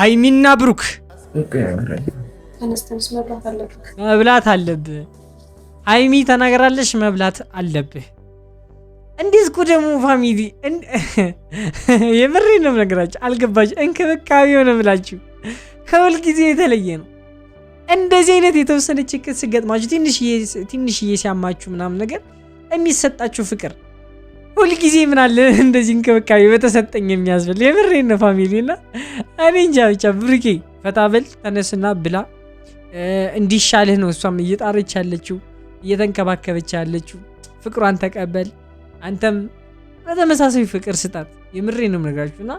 ሀይሚና ብሩክ መብላት አለብህ። ሀይሚ ተናግራለች፣ መብላት አለብህ። እንዴት እኮ ደግሞ ፋሚሊ የምሬ ነው ነገራችሁ አልገባችሁ። እንክብካቤ ሆነ ብላችሁ ከሁል ጊዜ የተለየ ነው። እንደዚህ አይነት የተወሰነ ችግር ስገጥማችሁ ትንሽዬ ሲያማችሁ ምናምን ነገር የሚሰጣችሁ ፍቅር ሁልጊዜ ምናለን እንደዚህ እንክብካቤ በተሰጠኝ የሚያስብል የምሬነ ነው። ፋሚሊ ና እኔ እንጃ ብቻ ብሩኬ ፈታበል ተነስና ብላ እንዲሻልህ ነው እሷም እየጣረች ያለችው እየተንከባከበች ያለችው። ፍቅሯን ተቀበል፣ አንተም በተመሳሳይ ፍቅር ስጣት። የምሬ ነው የምነግራችሁ እና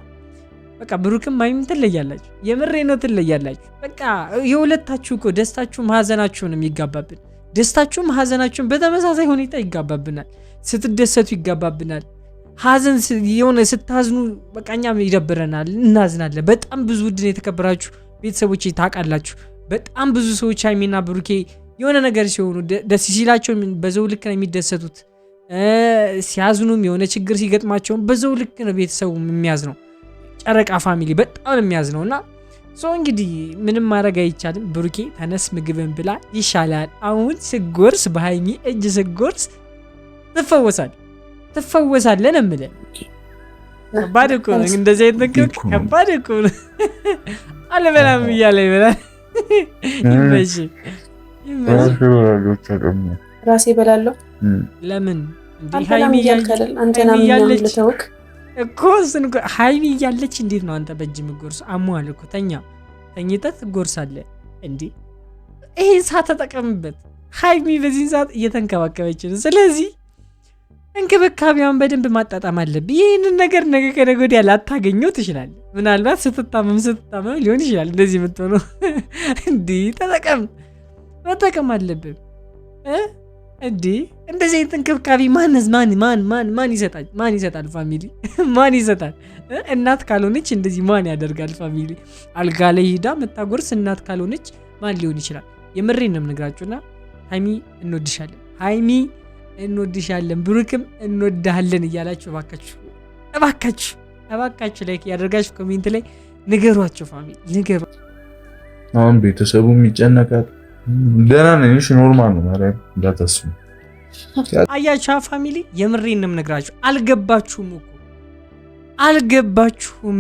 በቃ ብሩክም ማይም ትለያላችሁ። የምሬ ነው ትለያላችሁ። በቃ የሁለታችሁ እኮ ደስታችሁም ሀዘናችሁንም ይጋባብን፣ ደስታችሁ ማዘናችሁን በተመሳሳይ ሁኔታ ይጋባብናል። ስትደሰቱ ይገባብናል። ሀዘን የሆነ ስታዝኑ በቃኛ ይደብረናል፣ እናዝናለን። በጣም ብዙ ውድን የተከበራችሁ ቤተሰቦች ታውቃላችሁ። በጣም ብዙ ሰዎች ሀይሚና ብሩኬ የሆነ ነገር ሲሆኑ ደስ ሲላቸው በዘው ልክ ነው የሚደሰቱት። ሲያዝኑም የሆነ ችግር ሲገጥማቸውም በዘው ልክ ነው ቤተሰቡ የሚያዝ ነው። ጨረቃ ፋሚሊ በጣም የሚያዝ ነው እና ሰው እንግዲህ ምንም ማድረግ አይቻልም። ብሩኬ ተነስ ምግብን ብላ ይሻላል። አሁን ስጎርስ በሀይሚ እጅ ስጎርስ ትፈወሳል ትፈወሳለን እምልህ ከባድ እኮ ነው። እንደዚህ አይነት ነገር ከባድ እኮ ነው። አልበላም እያለ ይበላል። ራሴ በላለሁ። ለምን ሀይሚ እያለች እንዴት ነው አንተ በእጅ ምጎርሱ? አሟል እኮ ተኛ፣ ተኝተህ ጎርሳለ እንዴ? ይህን ሰዓት ተጠቀምበት። ሀይሚ በዚህን ሰዓት እየተንከባከበች ነው። ስለዚህ እንክብካቤዋን በደንብ ማጣጣም አለብ። ይህንን ነገር ነገ ከነገ ወዲያ ላታገኘው ትችላለህ። ምናልባት ስትታመም ስትታመም ሊሆን ይችላል እንደዚህ የምትሆነው። እንዲህ ተጠቀም መጠቀም አለብን። እንዲህ እንደዚህ አይነት እንክብካቤ ማነዝ ማን ማን ማን ማን ይሰጣል? ማን ይሰጣል? ፋሚሊ ማን ይሰጣል? እናት ካልሆነች እንደዚህ ማን ያደርጋል? ፋሚሊ አልጋ ላይ ሂዳ መታጎርስ እናት ካልሆነች ማን ሊሆን ይችላል? የምሬን ነው የምነግራችሁና ሀይሚ እንወድሻለን ሀይሚ እንወድሻለን፣ ብሩክም እንወድሃለን እያላችሁ እባካችሁ እባካችሁ እባካችሁ ላይክ ያደርጋችሁ ኮሜንት ላይ ንገሯቸው። ፋሚሊ ንገሩ። አሁን ቤተሰቡም ይጨነቃል። ደህና ነሽ? ኖርማል ነው ማርያም እንዳታስቡ። አያችሁ ፋሚሊ፣ የምሬን እነግራችሁ አልገባችሁም እኮ አልገባችሁም።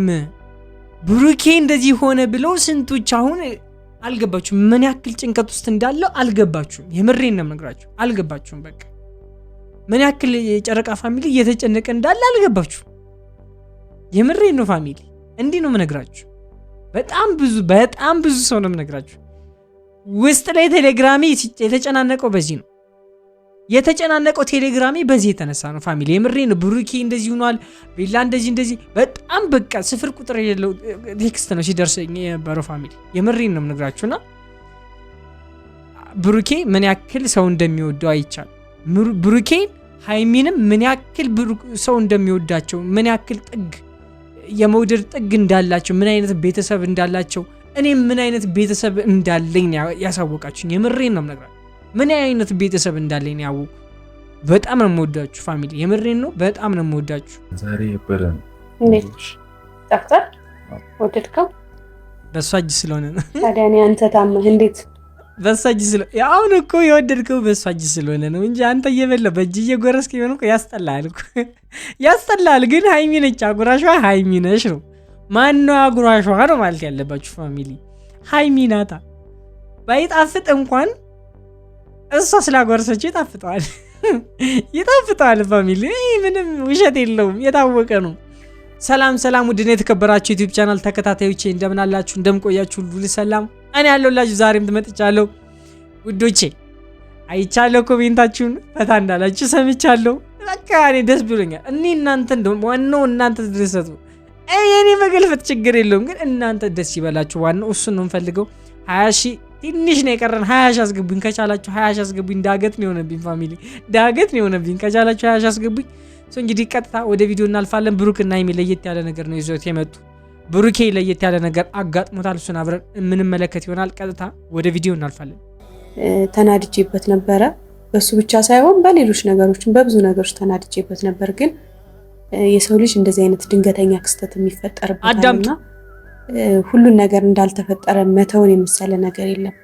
ብሩኬ እንደዚህ ሆነ ብለው ስንቶች አሁን አልገባችሁም። ምን ያክል ጭንቀት ውስጥ እንዳለው አልገባችሁም። የምሬን እነግራችሁ አልገባችሁም። በቃ ምን ያክል የጨረቃ ፋሚሊ እየተጨነቀ እንዳለ አልገባችሁ። የምሬ ነው ፋሚሊ፣ እንዲህ ነው ምነግራችሁ። በጣም ብዙ በጣም ብዙ ሰው ነው ምነግራችሁ። ውስጥ ላይ ቴሌግራሚ የተጨናነቀው በዚህ ነው የተጨናነቀው ቴሌግራሚ በዚህ የተነሳ ነው ፋሚሊ። የምሬ ነው። ብሩኪ እንደዚህ ሆኗል፣ ቤላ እንደዚህ እንደዚህ፣ በጣም በቃ ስፍር ቁጥር የሌለው ቴክስት ነው ሲደርስ የነበረው ፋሚሊ። የምሬ ነው ምነግራችሁና ብሩኬ ምን ያክል ሰው እንደሚወደው አይቻል ብሩኬን ሀይሚንም ምን ያክል ሰው እንደሚወዳቸው ምን ያክል ጥግ የመውደድ ጥግ እንዳላቸው ምን አይነት ቤተሰብ እንዳላቸው እኔም ምን አይነት ቤተሰብ እንዳለኝ ያሳወቃችሁኝ። የምሬን ነው ነግራ ምን አይነት ቤተሰብ እንዳለኝ ያው በጣም ነው የምወዳችሁ ፋሚሊ። የምሬን ነው፣ በጣም ነው የምወዳችሁ። ዛሬ የበረ ወደድከው በእሷ እጅ ስለሆነ ነው ታዲያ። አንተ ታመህ እንዴት በእሷ እጅ ስለሆነ አሁን እኮ የወደድከው በእሷ እጅ ስለሆነ ነው እንጂ አንተ እየበላ በእጅ እየጎረስክ ቢሆን እኮ ያስጠላል እኮ ያስጠላል። ግን ሀይሚ ነች አጉራሿ፣ ሀይሚ ነች ነው ማነው አጉራሿ ነው ማለት ያለባችሁ ፋሚሊ። ሀይሚ ናታ። ባይጣፍጥ እንኳን እሷ ስላጎረሰችው ይጣፍጠዋል፣ ይጣፍጠዋል ፋሚሊ። ምንም ውሸት የለውም፣ የታወቀ ነው። ሰላም ሰላም! ውድና የተከበራችሁ ዩቲዩብ ቻናል ተከታታዮቼ እንደምን አላችሁ? እንደምቆያችሁ ሁሉ ሰላም እኔ ያለሁላችሁ ዛሬም ትመጥቻለሁ ውዶቼ። አይቻለሁ ኮሜንታችሁን ፈታ እንዳላችሁ ሰምቻለሁ። በቃ እኔ ደስ ብሎኛል። እኔ እናንተ እንደውም ዋናው እናንተ ትደሰቱ። የኔ መገልፈት ችግር የለውም ግን እናንተ ደስ ይበላችሁ። ዋናው እሱን ነው የምፈልገው። ሀያ ሺህ ትንሽ ነው የቀረን። ሀያ ሺህ አስገቡኝ ከቻላችሁ፣ ሀያ ሺህ አስገቡኝ። ዳገት ነው የሆነብኝ ፋሚሊ፣ ዳገት ነው የሆነብኝ። ከቻላችሁ ሀያ ሺህ አስገቡኝ። እንግዲህ ቀጥታ ወደ ቪዲዮ እናልፋለን። ብሩክ እና ሀይሚ ለየት ያለ ነገር ነው ይዞት የመጡ ብሩኬ ለየት ያለ ነገር አጋጥሞታል። እሱን አብረን የምንመለከት ይሆናል። ቀጥታ ወደ ቪዲዮ እናልፋለን። ተናድጄበት ነበረ። በሱ ብቻ ሳይሆን በሌሎች ነገሮችን በብዙ ነገሮች ተናድጄበት ነበር። ግን የሰው ልጅ እንደዚህ አይነት ድንገተኛ ክስተት የሚፈጠርበትና ሁሉን ነገር እንዳልተፈጠረ መተውን የመሰለ ነገር የለም።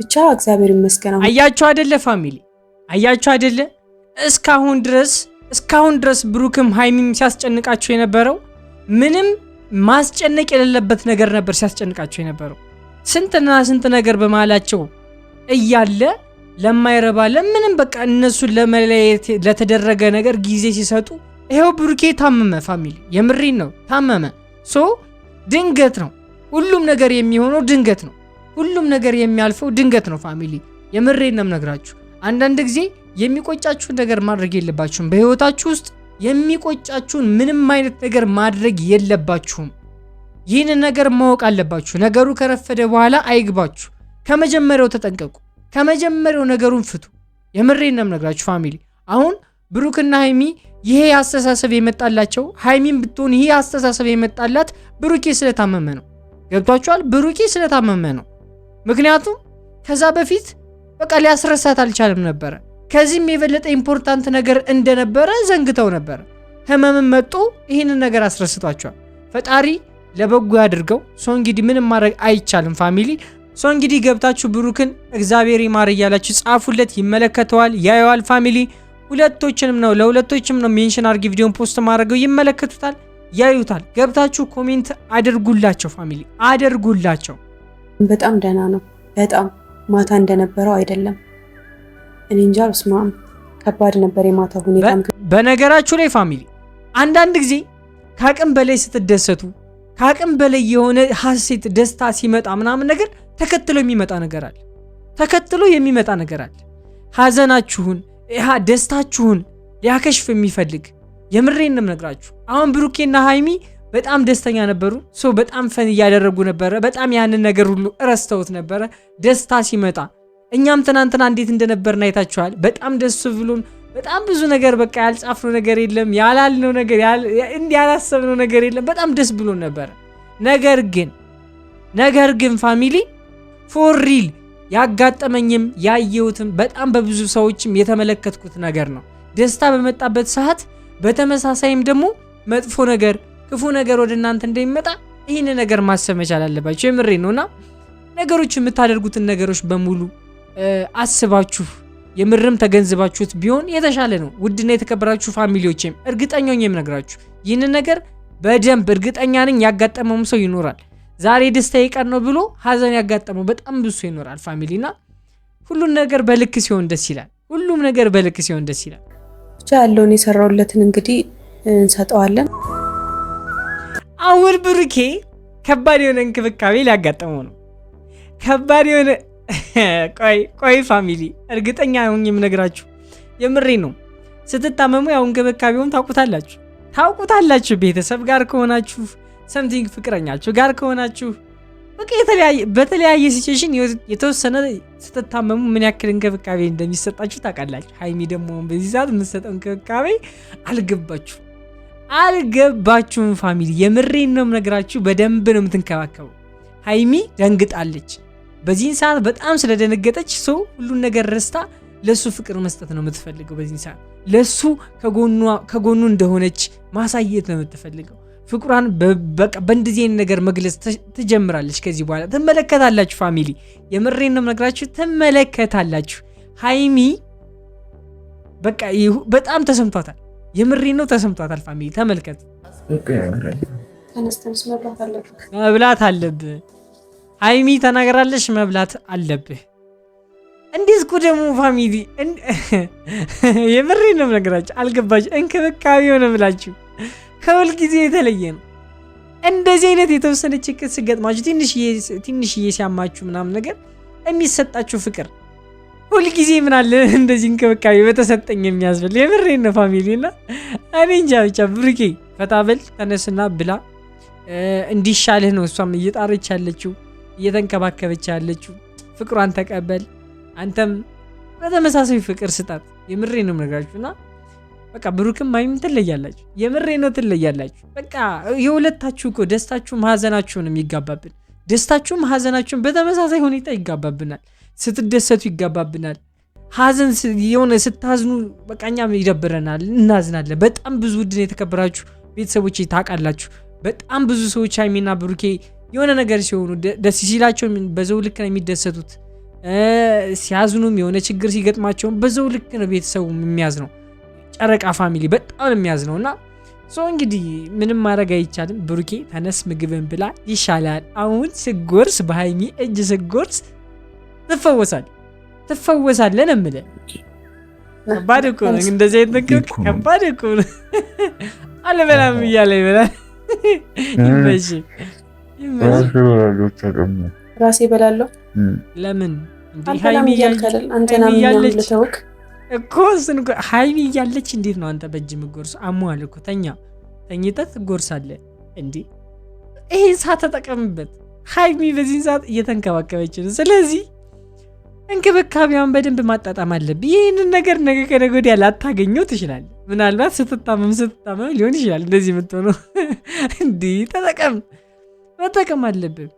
ብቻ እግዚአብሔር ይመስገን። አያቸው አደለ ፋሚሊ፣ አያቸው አደለ እስካሁን ድረስ እስካሁን ድረስ ብሩክም ሀይሚም ሲያስጨንቃቸው የነበረው ምንም ማስጨነቅ የሌለበት ነገር ነበር ሲያስጨንቃቸው የነበረው። ስንትና ስንት ነገር በመሃላቸው እያለ ለማይረባ ለምንም በቃ እነሱን ለመለየት ለተደረገ ነገር ጊዜ ሲሰጡ ይኸው ብሩኬ ታመመ። ፋሚሊ የምሪን ነው ታመመ። ሶ ድንገት ነው ሁሉም ነገር የሚሆነው ድንገት ነው። ሁሉም ነገር የሚያልፈው ድንገት ነው። ፋሚሊ የምሬን ነው ነግራችሁ? አንዳንድ ጊዜ የሚቆጫችሁን ነገር ማድረግ የለባችሁም በህይወታችሁ ውስጥ የሚቆጫችሁን ምንም አይነት ነገር ማድረግ የለባችሁም። ይህንን ነገር ማወቅ አለባችሁ። ነገሩ ከረፈደ በኋላ አይግባችሁ። ከመጀመሪያው ተጠንቀቁ። ከመጀመሪያው ነገሩን ፍቱ። የምሬን ነው ነግራችሁ ፋሚሊ። አሁን ብሩክና ሀይሚ ይሄ አስተሳሰብ የመጣላቸው ሀይሚን ብትሆን ይሄ አስተሳሰብ የመጣላት ብሩኬ ስለታመመ ነው። ገብቷችኋል? ብሩኬ ስለታመመ ነው። ምክንያቱም ከዛ በፊት በቃ ሊያስረሳት አልቻለም ነበረ። ከዚህም የበለጠ ኢምፖርታንት ነገር እንደነበረ ዘንግተው ነበር። ህመምን መጡ ይህንን ነገር አስረስቷቸዋል። ፈጣሪ ለበጎ ያድርገው። ሶ እንግዲህ ምንም ማድረግ አይቻልም ፋሚሊ። ሶ እንግዲህ ገብታችሁ ብሩክን እግዚአብሔር ይማር እያላችሁ ጻፉለት። ይመለከተዋል፣ ያየዋል ፋሚሊ። ሁለቶችንም ነው ለሁለቶችም ነው ሜንሽን አድርጊ ቪዲዮን ፖስት ማድረገው ይመለከቱታል፣ ያዩታል። ገብታችሁ ኮሜንት አድርጉላቸው ፋሚሊ፣ አድርጉላቸው። በጣም ደህና ነው። በጣም ማታ እንደነበረው አይደለም። እኔ እንጃ ስማም፣ ከባድ ነበር የማታ ሁኔታ። በነገራችሁ ላይ ፋሚሊ፣ አንዳንድ ጊዜ ከአቅም በላይ ስትደሰቱ፣ ከአቅም በላይ የሆነ ሀሴት ደስታ ሲመጣ ምናምን ነገር ተከትሎ የሚመጣ ነገር አለ። ተከትሎ የሚመጣ ነገር አለ። ሀዘናችሁን ደስታችሁን ሊያከሽፍ የሚፈልግ የምሬን ነግራችሁ። አሁን ብሩኬና ሀይሚ በጣም ደስተኛ ነበሩ። ሰው በጣም ፈን እያደረጉ ነበረ። በጣም ያንን ነገር ሁሉ እረስተውት ነበረ። ደስታ ሲመጣ እኛም ትናንትና እንዴት እንደነበርን አይታችኋል። በጣም ደስ ብሎን በጣም ብዙ ነገር በቃ ያልጻፍነው ነገር የለም፣ ያላልነው ነገር ያላሰብነው ነገር የለም። በጣም ደስ ብሎን ነበር። ነገር ግን ነገር ግን ፋሚሊ ፎር ሪል ያጋጠመኝም ያየሁትም በጣም በብዙ ሰዎችም የተመለከትኩት ነገር ነው። ደስታ በመጣበት ሰዓት በተመሳሳይም ደግሞ መጥፎ ነገር፣ ክፉ ነገር ወደ እናንተ እንደሚመጣ ይህን ነገር ማሰብ መቻል አለባቸው። የምሬ ነውና ነገሮች የምታደርጉትን ነገሮች በሙሉ አስባችሁ የምርም ተገንዝባችሁት ቢሆን የተሻለ ነው። ውድና የተከበራችሁ ፋሚሊዎችም እርግጠኛ ነኝ የምነግራችሁ ይህንን ነገር በደንብ እርግጠኛ ነኝ ያጋጠመውም ሰው ይኖራል። ዛሬ ደስታ ቀን ነው ብሎ ሀዘን ያጋጠመው በጣም ብዙ ሰው ይኖራል። ፋሚሊና ሁሉም ነገር በልክ ሲሆን ደስ ይላል። ሁሉም ነገር በልክ ሲሆን ደስ ይላል። ብቻ ያለውን የሰራውለትን እንግዲህ እንሰጠዋለን። አሁን ብሩኬ ከባድ የሆነ እንክብካቤ ሊያጋጠመው ነው ከባድ የሆነ ቆይ ቆይ ፋሚሊ እርግጠኛ ሆኜ የምነግራችሁ የምሬ ነው። ስትታመሙ ያው እንክብካቤውን ታውቁታላችሁ ታውቁታላችሁ። ቤተሰብ ጋር ከሆናችሁ ሰምቲንግ ፍቅረኛችሁ ጋር ከሆናችሁ በቃ በተለያየ ሲቹዌሽን የተወሰነ ስትታመሙ ምን ያክል እንክብካቤ እንደሚሰጣችሁ ታውቃላችሁ። ሀይሚ ደግሞ በዚህ ሰዓት የምትሰጠው እንክብካቤ አልገባችሁ አልገባችሁም ፋሚሊ። የምሬን ነው የምነግራችሁ። በደንብ ነው የምትንከባከቡ ሀይሚ ደንግጣለች። በዚህን ሰዓት በጣም ስለደነገጠች ሰው ሁሉን ነገር ረስታ ለእሱ ፍቅር መስጠት ነው የምትፈልገው። በዚህን ሰዓት ለእሱ ከጎኑ እንደሆነች ማሳየት ነው የምትፈልገው። ፍቅሯን በእንደዚህ ነገር መግለጽ ትጀምራለች። ከዚህ በኋላ ትመለከታላችሁ፣ ፋሚሊ የምሬን ነው የምነግራችሁ፣ ትመለከታላችሁ። ሀይሚ በቃ በጣም ተሰምቷታል። የምሬን ነው ተሰምቷታል። ፋሚሊ ተመልከት፣ መብላት አለብህ ሀይሚ ተናግራለች፣ መብላት አለብህ። እንዴት እኮ ደግሞ ፋሚሊ የምሬ ነው ነገራችሁ አልገባች። እንክብካቤ ሆነ ብላችሁ ከሁልጊዜ የተለየ ነው። እንደዚህ አይነት የተወሰነ ችግር ስገጥማችሁ ትንሽዬ ሲያማችሁ ምናምን ነገር የሚሰጣችሁ ፍቅር ሁልጊዜ ምናለ እንደዚህ እንክብካቤ በተሰጠኝ የሚያስብል የምሬ ነው ፋሚሊ እና እኔ እንጃ ብቻ ብሩኬ ፈታበል ተነስና ብላ እንዲሻልህ ነው እሷም እየጣረች ያለችው እየተንከባከበች ያለችው ፍቅሯን ተቀበል። አንተም በተመሳሳይ ፍቅር ስጣት። የምሬ ነው የምነግራችሁ እና በቃ ብሩክም ማይም ትለያላችሁ። የምሬ ነው ትለያላችሁ። በቃ የሁለታችሁ እኮ ደስታችሁም ሀዘናችሁን የሚጋባብን ደስታችሁ ማዘናችሁን በተመሳሳይ ሁኔታ ይጋባብናል። ስትደሰቱ ይጋባብናል። ሀዘን የሆነ ስታዝኑ በቃኛ ይደብረናል፣ እናዝናለን። በጣም ብዙ ውድን የተከበራችሁ ቤተሰቦች ታውቃላችሁ። በጣም ብዙ ሰዎች ሀይሚና ብሩኬ የሆነ ነገር ሲሆኑ ደስ ሲላቸው በዛው ልክ ነው የሚደሰቱት። ሲያዝኑም የሆነ ችግር ሲገጥማቸውም በዘው ልክ ነው ቤተሰቡ የሚያዝ ነው። ጨረቃ ፋሚሊ በጣም የሚያዝ ነው እና ሰው እንግዲህ ምንም ማድረግ አይቻልም። ብሩኬ ተነስ ምግብን ብላ ይሻላል። አሁን ስጎርስ በሀይሚ እጅ ስጎርስ ትፈወሳል ትፈወሳለን ምለ ከባድ እኮ ነው እንደዚህ አይነት ነገር ከባድ እኮ ነው። አልበላም እያለ ይበላል። ይመሽ ራሴ በላለሁ። ለምን ሀይሚ እያለች እንዴት ነው አንተ በእጅ ምጎርሱ? አሞሃል እኮ ተኛ፣ ተኝተህ ጎርሳለ እንዴ? ይሄን ሰዓት ተጠቀምበት። ሀይሚ በዚህን ሰዓት እየተንከባከበች ነው። ስለዚህ እንክብካቤዋን በደንብ ማጣጣም አለብ። ይህንን ነገር ነገ ከነገ ወዲያ ላታገኘው ትችላለህ። ምናልባት ስትታመም ስትታመም ሊሆን ይችላል እንደዚህ የምትሆነው። እንዲህ ተጠቀም መጠቀም አለብን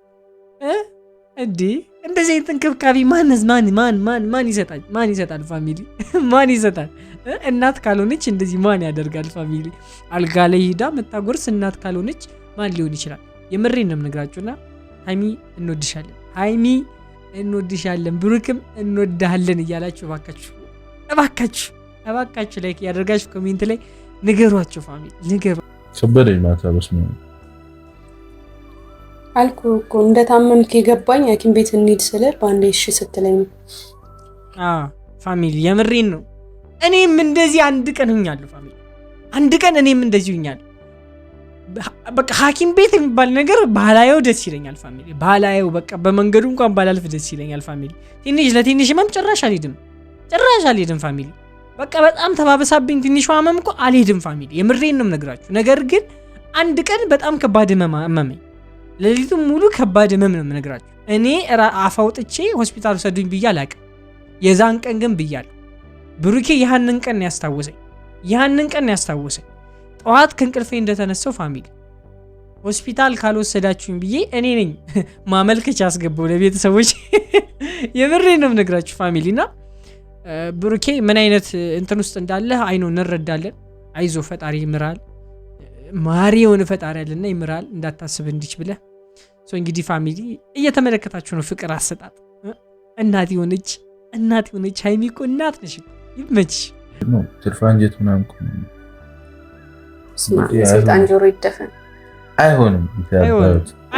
እንዴ! እንደዚህ አይነት እንክብካቤ ማነዝ ማን ማን ማን ማን ይሰጣል? ማን ይሰጣል? ፋሚሊ ማን ይሰጣል? እናት ካልሆነች እንደዚህ ማን ያደርጋል? ፋሚሊ አልጋ ላይ ሂዳ መታጎርስ እናት ካልሆነች ማን ሊሆን ይችላል? የምሬን ነው የምነግራችሁና ሀይሚ እንወድሻለን፣ ሀይሚ እንወድሻለን፣ ብሩክም እንወድሃለን እያላችሁ እባካችሁ እባካችሁ እባካችሁ ላይ ያደርጋችሁ ኮሜንት ላይ ንገሯቸው ፋሚሊ ንገሯ። ከበደኝ ማታ በስመ አልኩ እኮ እንደታመምክ የገባኝ ሐኪም ቤት እንሂድ ስለ በአንዴ እሺ ስትለኝ ነው። ፋሚሊ የምሬን ነው። እኔም እንደዚህ አንድ ቀን ሁኛለሁ። ፋሚሊ አንድ ቀን እኔም እንደዚህ ሁኛለሁ። በቃ ሐኪም ቤት የሚባል ነገር ባላየው ደስ ይለኛል። ፋሚሊ ባላየው በቃ በመንገዱ እንኳን ባላልፍ ደስ ይለኛል። ፋሚሊ ትንሽ ለትንሽ ህመም ጭራሽ አልሄድም፣ ጭራሽ አልሄድም። ፋሚሊ በቃ በጣም ተባበሳብኝ። ትንሽ ህመም እኮ አልሄድም። ፋሚሊ የምሬን ነው ነግራችሁ። ነገር ግን አንድ ቀን በጣም ከባድ ህመም አመመኝ። ለሊቱ ሙሉ ከባድ ህመም ነው የምነግራችሁ። እኔ አፋውጥቼ ሆስፒታል ውሰዱኝ ብዬ አላቅም። የዛን ቀን ግን ብያለሁ። ብሩኬ ያህንን ቀን ያስታወሰኝ፣ ያህንን ቀን ያስታወሰኝ። ጠዋት ከእንቅልፌ እንደተነሳው ፋሚሊ ሆስፒታል ካልወሰዳችሁኝ ብዬ እኔ ነኝ ማመልከቻ ያስገባው ለቤተሰቦች። የምሬ ነው የምነግራችሁ ፋሚሊ እና ብሩኬ ምን አይነት እንትን ውስጥ እንዳለህ አይኖ እንረዳለን። አይዞ ፈጣሪ ይምራል። ማሪ የሆነ ፈጣሪ ያለና ይምራል። እንዳታስብ እንዲች ብለህ እንግዲህ ፋሚሊ እየተመለከታችሁ ነው። ፍቅር አሰጣጥ እናት የሆነች እናት የሆነች ሀይሚ እኮ እናት ነሽ። ይመችሽ። ትርፋንጀት ምናምን ስልጣን ጆሮ ይደፈን። አይሆንም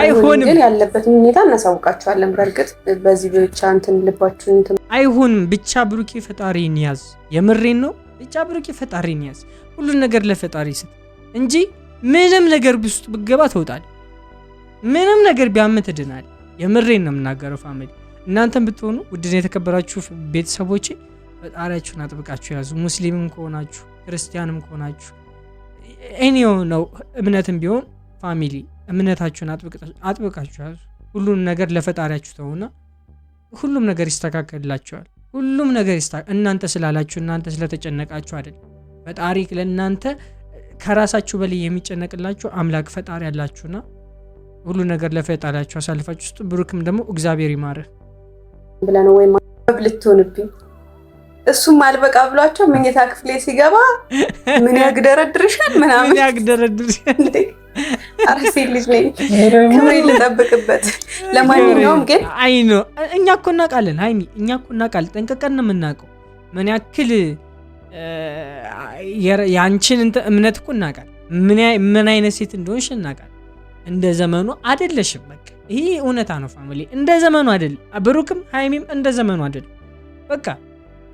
አይሆንም፣ ግን ያለበትን ሁኔታ እናሳውቃቸዋለን። በእርግጥ በዚህ ብቻ እንትን ልባችሁን አይሆንም። ብቻ ብሩኬ ፈጣሪን ያዝ። የምሬን ነው። ብቻ ብሩኬ ፈጣሪን ያዝ። ሁሉን ነገር ለፈጣሪ ስጥ እንጂ ምንም ነገር ውስጥ ብገባ ተውጣል ምንም ነገር ቢያምት ድናል። የምሬን ነው የምናገረው። ፋሚሊ እናንተም ብትሆኑ ውድን የተከበራችሁ ቤተሰቦቼ ፈጣሪያችሁን አጥብቃችሁ ያዙ። ሙስሊምም ከሆናችሁ ክርስቲያንም ከሆናችሁ እኔ ነው እምነትም ቢሆን ፋሚሊ እምነታችሁን አጥብቃችሁ ያዙ። ሁሉም ነገር ለፈጣሪያችሁ ተውና ሁሉም ነገር ይስተካከልላችኋል። ሁሉም ነገር እናንተ ስላላችሁ እናንተ ስለተጨነቃችሁ አይደለም። ፈጣሪ ለእናንተ ከራሳችሁ በላይ የሚጨነቅላችሁ አምላክ ፈጣሪ ያላችሁና ሁሉ ነገር ለፈጣሪያችሁ አሳልፋችሁ ውስጥ ብሩክም ደግሞ እግዚአብሔር ይማር ብለን ወይ ልትሆንብኝ እሱም አልበቃ ብሏቸው መኝታ ክፍሌ ሲገባ ምን ያግደረድርሻል ምናምን ያግደረድርሻል። አራሴ ልጅ ልጠብቅበት። ለማንኛውም ግን አይ ነው እኛ እኮ እናውቃለን፣ ሀይሚ እኛ እኮ እናውቃለን፣ ጠንቅቀን ነው የምናውቀው። ምን ያክል የአንቺን እምነት እኮ እናውቃለን፣ ምን አይነት ሴት እንደሆንሽ እናውቃለን። እንደ ዘመኑ አደለሽም። በቃ ይሄ እውነታ ነው። ፋሚሊ እንደ ዘመኑ አደል ብሩክም ሀይሚም እንደ ዘመኑ አደል በቃ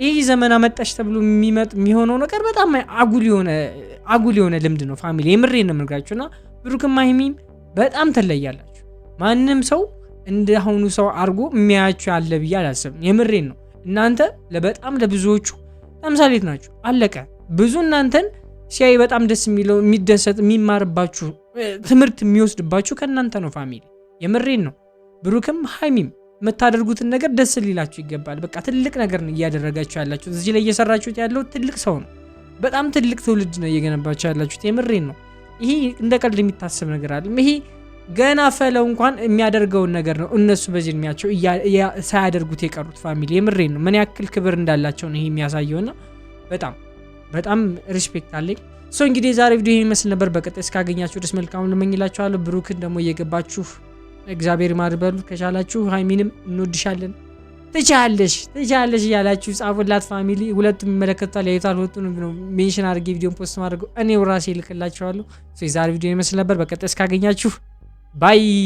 ይህ ዘመን አመጣሽ ተብሎ የሚመጥ የሚሆነው ነገር በጣም አጉል የሆነ አጉል የሆነ ልምድ ነው። ፋሚሊ የምሬ ነው የምነግራችሁ እና ብሩክም ሀይሚም በጣም ትለያላችሁ። ማንም ሰው እንደ አሁኑ ሰው አድርጎ የሚያያችሁ ያለ ብዬ አላስብም። የምሬን ነው። እናንተ ለበጣም ለብዙዎቹ ተምሳሌት ናችሁ። አለቀ። ብዙ እናንተን ሲያይ በጣም ደስ የሚለው የሚደሰት የሚማርባችሁ ትምህርት የሚወስድባችሁ ከእናንተ ነው ፋሚሊ። የምሬን ነው። ብሩክም ሀይሚም የምታደርጉትን ነገር ደስ ሊላችሁ ይገባል። በቃ ትልቅ ነገር እያደረጋችሁ ያላችሁት እዚህ ላይ እየሰራችሁት ያለው ትልቅ ሰው ነው። በጣም ትልቅ ትውልድ ነው እየገነባችሁ ያላችሁት። የምሬን ነው። ይሄ እንደ ቀልድ የሚታሰብ ነገር አለም። ይሄ ገና ፈለው እንኳን የሚያደርገውን ነገር ነው እነሱ በዚህ እድሜያቸው ሳያደርጉት የቀሩት ፋሚሊ። የምሬን ነው። ምን ያክል ክብር እንዳላቸው ነው ይሄ የሚያሳየውና በጣም በጣም ሪስፔክት አለኝ። ሶ እንግዲህ የዛሬ ቪዲዮ ይህን ይመስል ነበር። በቀጣይ እስካገኛችሁ ድረስ መልካሙን ልመኝላችኋለሁ። ብሩክን ደግሞ እየገባችሁ እግዚአብሔር ይማር በሉ ከቻላችሁ። ሀይሚንም እንወድሻለን፣ ትቻለሽ፣ ትቻለሽ እያላችሁ ጻፉላት። ፋሚሊ ሁለቱም ይመለከቷል፣ ያዩታል። ሁለቱን ሜንሽን አድርጌ ቪዲዮን ፖስት ማድረገው እኔው ራሴ ይልክላችኋለሁ። የዛሬ ቪዲዮ ይመስል ነበር። በቀጣይ እስካገኛችሁ ባይ